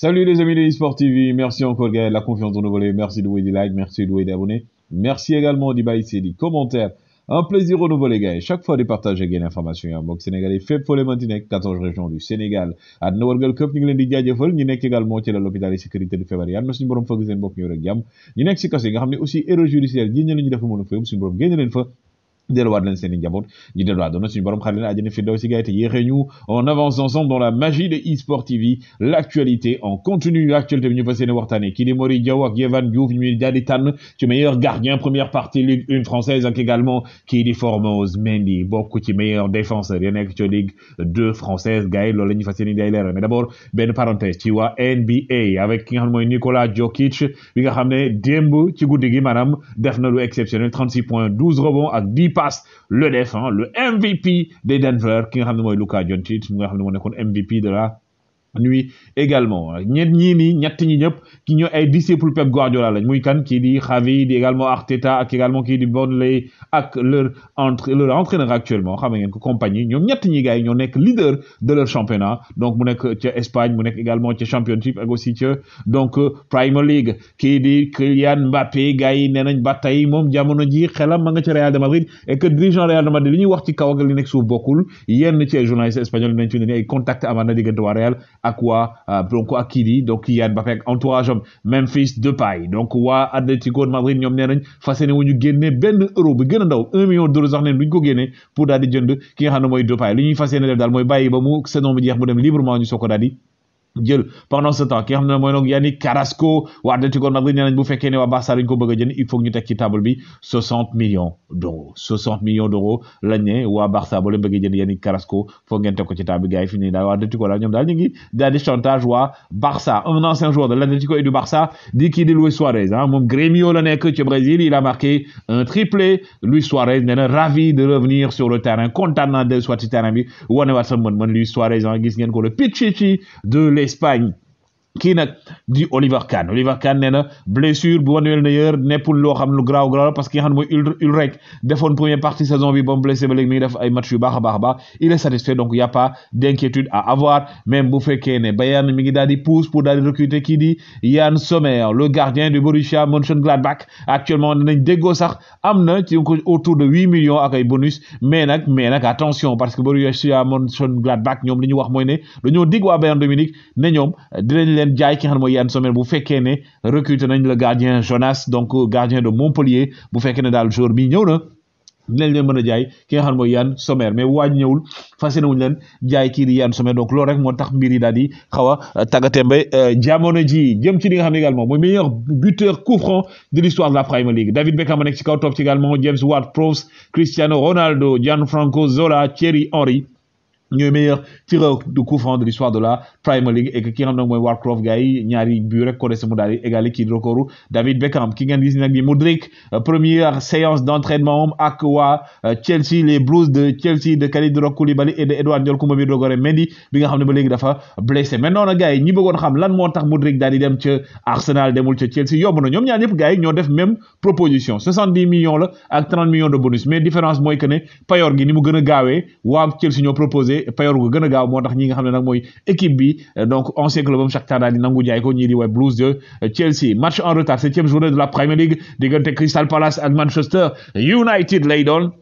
Salut les amis de eSport TV, merci encore gars, la confiance de nous voler, merci de louer des likes, merci de abonné, merci également d'y baisser des commentaires. Un plaisir renouveau les gars, chaque fois de partager des l'information en box sénégalais fait pour les maintenir 14 régions du Sénégal. À nos World Cup, nous avons dit ñu nekk également ci l'hôpital et sécurité de février, nous sommes borom fëgg seen bop ñu rek jam. Ñu nekk ci kasse nga xamné aussi erreur judiciaire ñi ñu lañu def mënu fa suñu borom génn leen fa delluwaat leen seen i njaboot ñu delluwaat doona suñu borom xaar leen àjjana firdawsi gaay te yéexee ñu on avance ensemble dans la magie de e-sport TV l'actualité en continu actualité ñu fas yéene ki kii di Mori Diaw ak Yehvan Diouf ñu di tànn ci meilleur gardien première partie Ligue 1 française ak également ki di Formose Mendy bokku ci meilleur défenseur ya nek ci Ligue 2 française gay yi loolu la day leeral mais d'abord, ben parenthèse ci wa NBA avec ki nga xam Nikola Jokic bi nga xamné ne ci goudi gi manam def na lu exceptionnel 36 points 12 rebonds ak 10 le défenseur, hein, le MVP des Denver qui est MVP de la nuit également Ñet ñii ni ñi ki ay Pep Guardiola lañ muy kan di également Arteta ak également ki di Burnley ak leur entre leur entraîneur actuellement xam ko compagnie ñi ñoo leader de leur championnat donc mu Espagne mu également ci championship ak aussi ci donc Premier League ki di Kylian Mbappé Real de Madrid et que Aqua donc euh, ak kii di donc Kylian Mbappé ak entourage am Memphis Depay donc waa Atlético de Madrid ñoom nee nañ wu ñu génnee benn euro bi gën a ndaw un million d'euros sax neen duñ ko génnee pour daal di jënd ki nga xam ne mooy li ñuy fas def daal mooy bàyyi ba mu saison bi jeex mu dem librement ñu soog jël pendant ce temps ki nga xam ne mooy donc Yannick Carrasco waa Atlético Madrid nee nañ bu fekkee ne waa Barça dañ ko bëgg a jënd il faut ñu teg ci table bi 60 millions d'euros 60 millions d'euros lañ ne waa Barça boo leen bëggee jënd Yannick Carrasco foog ngeen teg ko ci table bi gars yi fi nii daal waa Atlético daal ñoom daal ñu ngi daal di chantage waa Barça un ancien joueur de l'Atlético et du Barça di kii di Luis Suarez ah moom Grêmio la nekk ci Brésil il a marqué un triplé Luis Suarez nee na ravi de revenir sur le terrain kontaan de soit ci terrain bi wane waat sa mën mën Luis Suarez ah gis ngeen ko le Pichichi de Espanha. kii nag di Oliver Kahn Oliver Kahn nee na blessure bu Manuel Neuer nekkul loo xam lu garaaw garaaw parce que ki nga il il mooy defoon première partie saison bi ba mu blessé ba léegi mi ngi def ay match yu baax a baax a baax il est satisfait donc y' a pas d' inquiétude à avoir même bu fekkee ne Bayern mi ngi daal di pousse pour daal di recruter kii di Yann Sommer le gardien de Borussia Mönchengladbach actuellement nañ déggoo sax am na ci autour de huit millions ak ay bonus mais nag mais nag attention parce que Borussia Mönchengladbach ñoom li ñu wax mooy ne dañoo dig waa Bayern Dominique ne ñoom dinañ leen leen jaay ki nga xam ne Vous Yann Sommer bu fekkee ne nañ le gardien Jonas donc euh, gardien de Montpellier bu fekkee dans le jour bi ñëw na dinañ leen mën a jaay ki nga xam mooy Yann Sommer mais waa ñëwul fas yéene leen jaay kii di Yann Sommer donc loolu rek moo tax mbir yi daal di xaw a euh, tàggatémbe jamono euh, ji jëm ci li nga xam ne également mooy meilleur buteur coup franc de l'histoire de la Premier League David Beckham nekk ci kaw top ci également James Ward-Prowse Cristiano Ronaldo Gianfranco Zola Thierry Henry ñooy meilleur tireur de coup franc de l'histoire de la Premier League et que ki nga moy ne Warcroft gars yi ñaari but rek ko dese mu daal di égali recordu David Beckham ki ngeen gis nak di Modric euh, première séance d'entraînement avec ak euh, Chelsea les Blues de Chelsea de Khalid Koulibaly et de Edouard Ndiol Koumbambi Dogore Mendy bi nga xamne ba légui dafa blessé maintenant nag gars yi ñi bëggoon xam lan moo tax Modric daal di dem ci Arsenal demul ci Chelsea yomb na ñoom ñaar ñep gars yi ñoo def même proposition 70 millions la ak 30 millions de bonus mais différence moy que ne payor gi ni mu gën a Chelsea ñoo proposé te payoor gu gëna gaaw ñi nga xam nak moy équipe bi donc ancien club am Shakhtar daal di nangu jaay ko ñi di waa Blues de Chelsea match en retard septième journée de la Premier League diggante Crystal Palace ak Manchester United lay doon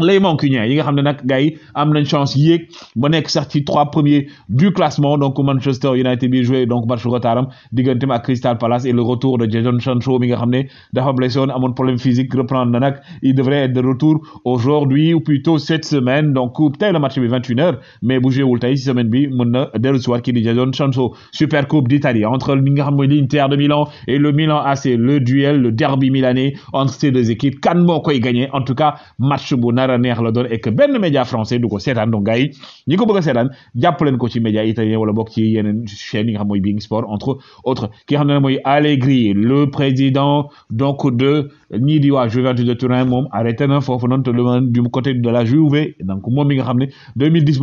les ñe yi nga xam nak nag gars am nañ chance yek ba nek sax ci trois premiers du classement donc Manchester United bi joué donc match retardam digganteem ak Crystal Palace et le retour de Jadon Sancho mi nga xam dafa blessé woon amoon problème physique reprendre na il devrait être de retour aujourd'hui ou plutôt cette semaine donc être le match de 21h mais bu joué wul tey semaine bi mën na le soir qui est di Jadon Sancho super coupe d'Italie entre nga l'Inter de Milan et le Milan AC le duel le derby milanais entre ces deux équipes kan quoi koy gagner en tout cas match bu nar a neex la doon et que benn média français du ko seetaan donc gars yi ko bëgg a seetaan jàpp leen ko ci média italien wala bokk ci yeneen chaîne yi nga xam mooy Sport entre autres ki nga xam ne mooy Allegri le président donc de ñii di waa Juventus de Turin moom arrêté na foofu noonu te du côté de la Juve donc moom mi nga xam ne 2010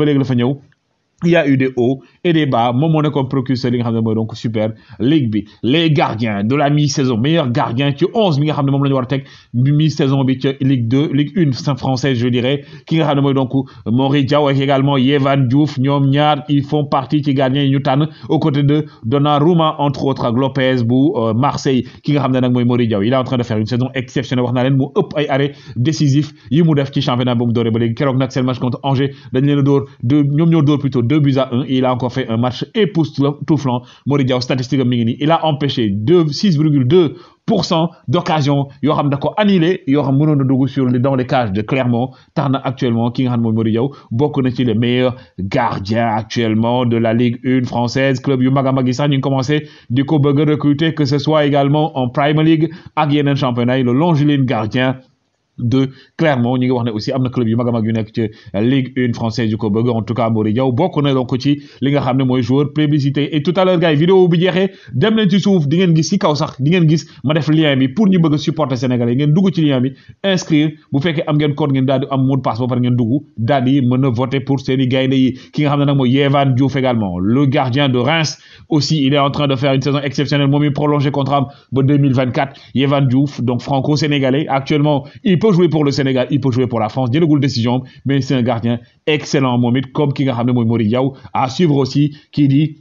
il y a eu des hauts et des bas moom moo nekkoon procureur, li nga xam ne donc super ligue bi les gardiens de la mi-saison meilleur gardien ci 11 bi nga xam ne mi-saison bi ci ligue 2, ligue saint française je dirais ki nga xam ne donc également yevan Diouf ñoom ñaar ils font partie ci gardiens yi ñu tànn aux côtés de Donnarumma entre autres ak Lopez bu euh, Marseille ki nga xam ne nag Diaw il est en train de faire une saison exceptionnelle wax naa leen mu ëpp ay arrêt décisif yi mu def ci championnat bu mu dooree ba léegi keroog nag match contre Angers Il leen en train de ñoo plutôt 2 buts à 1 il a encore fait un match époustouflant. Moridiao, statistique Mingini, il a empêché 6,2 d'occasion il xam Il annulé xam mënoon de dougou sur les dans les cages de Clermont Tarna, actuellement King nga Moridiao, beaucoup n'est-il le meilleur gardien actuellement de la Ligue 1 française club Yumagamagisan, il a commencé recruter que ce soit également en Premier League à yeneen championnat le longiline gardien de Clermont ñi ngi wax ne aussi am na club yu mag a mag yu nekk ci Ligue 1 française yu ko bëgg en tout cas Mory Diaw bokk na donc ci li nga xam ne mooy joueur plébiscité et tout à l'heure gars vidéo bi jeexee dem nañ ci suuf di ngeen gis ci kaw sax di ngeen gis ma def lien bi pour ñu bëgg a supporter sénégalais ngeen dugg ci lien bi inscrire bu fekkee am ngeen code ngeen daal di am mot de passe ba pare ngeen dugg daal di mën a voter pour seeni gaynde yi ki nga xam ne nag mooy Diouf également le gardien de Reims aussi il est en train de faire une saison exceptionnelle moom mi prolongé contrat ba 2024 Yevan Diouf donc franco-sénégalais actuellement il peut peut jouer pour le Sénégal il peut jouer pour la France de décision mais c'est un gardien excellent Mohamed, comme ki nga xam à suivre aussi qui dit,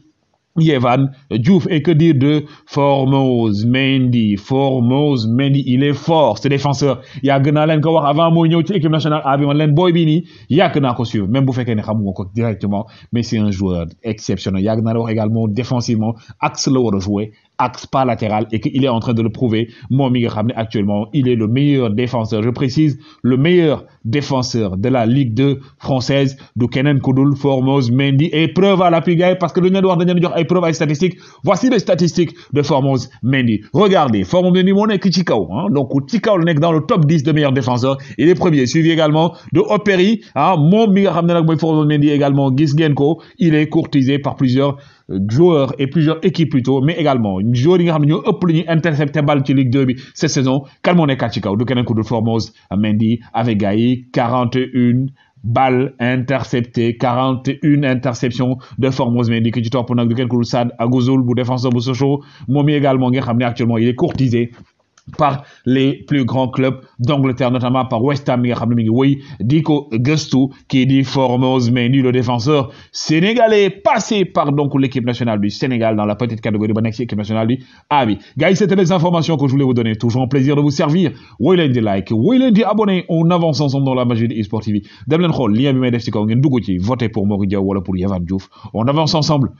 Yévan Diouf et que dire de Formose Mendy Formose Mendy il est fort c'est défenseur il y a ko wax avant mooy équipe nationale A Len Boybini, il y a nii ko suivre même bu fekkee ne directement mais c'est un joueur exceptionnel Il y la wax également défensivement Axel la jouer axe pas latéral et qu'il est en train de le prouver. Mon Miguel actuellement il est le meilleur défenseur je précise le meilleur défenseur de la Ligue 2 française de Kenan Kudul, Formos Mendy Épreuve à la pigaille, parce que le wax dañu jox ay preuve statistiques voici les statistiques de Formos Mendy regardez Formos Mendy mon hein. est donc Tikao, le n'est dans le top 10 de meilleurs défenseurs il est premier suivi également de Operi, Mon Mon nga Mendy également gis il est courtisé par plusieurs euh, joueurs et plusieurs équipes plutôt mais également une yi nga a ne ñoo balle Ligue 2 cette saison Calmone moo nekkaat ci kaw de Formose Mendy avec gars 41 balles interceptées 41 interceptions de Formose Mendy qui ci topp nag du keneen ku dul Saad défenseur bu socho également nga actuellement il est courtisé par les plus grands clubs d'Angleterre, notamment par West Ham, Dico Gustou, qui dit Formose menu le défenseur sénégalais, passé par l'équipe nationale du Sénégal dans la petite catégorie de l'équipe nationale du Abi. Guys, c'était les informations que je voulais vous donner. Toujours un plaisir de vous servir. the like, oui Wayland abonnez abonné. On avance ensemble dans la magie de eSport TV. Demain Khol, lien def pour Moridia ou pour Yavan Diouf. On avance ensemble.